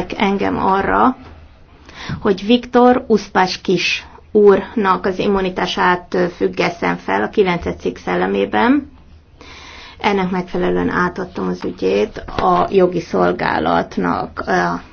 kértek engem arra, hogy Viktor Uszpás Kis úrnak az immunitását függeszem fel a 9. cikk szellemében. Ennek megfelelően átadtam az ügyét a jogi szolgálatnak,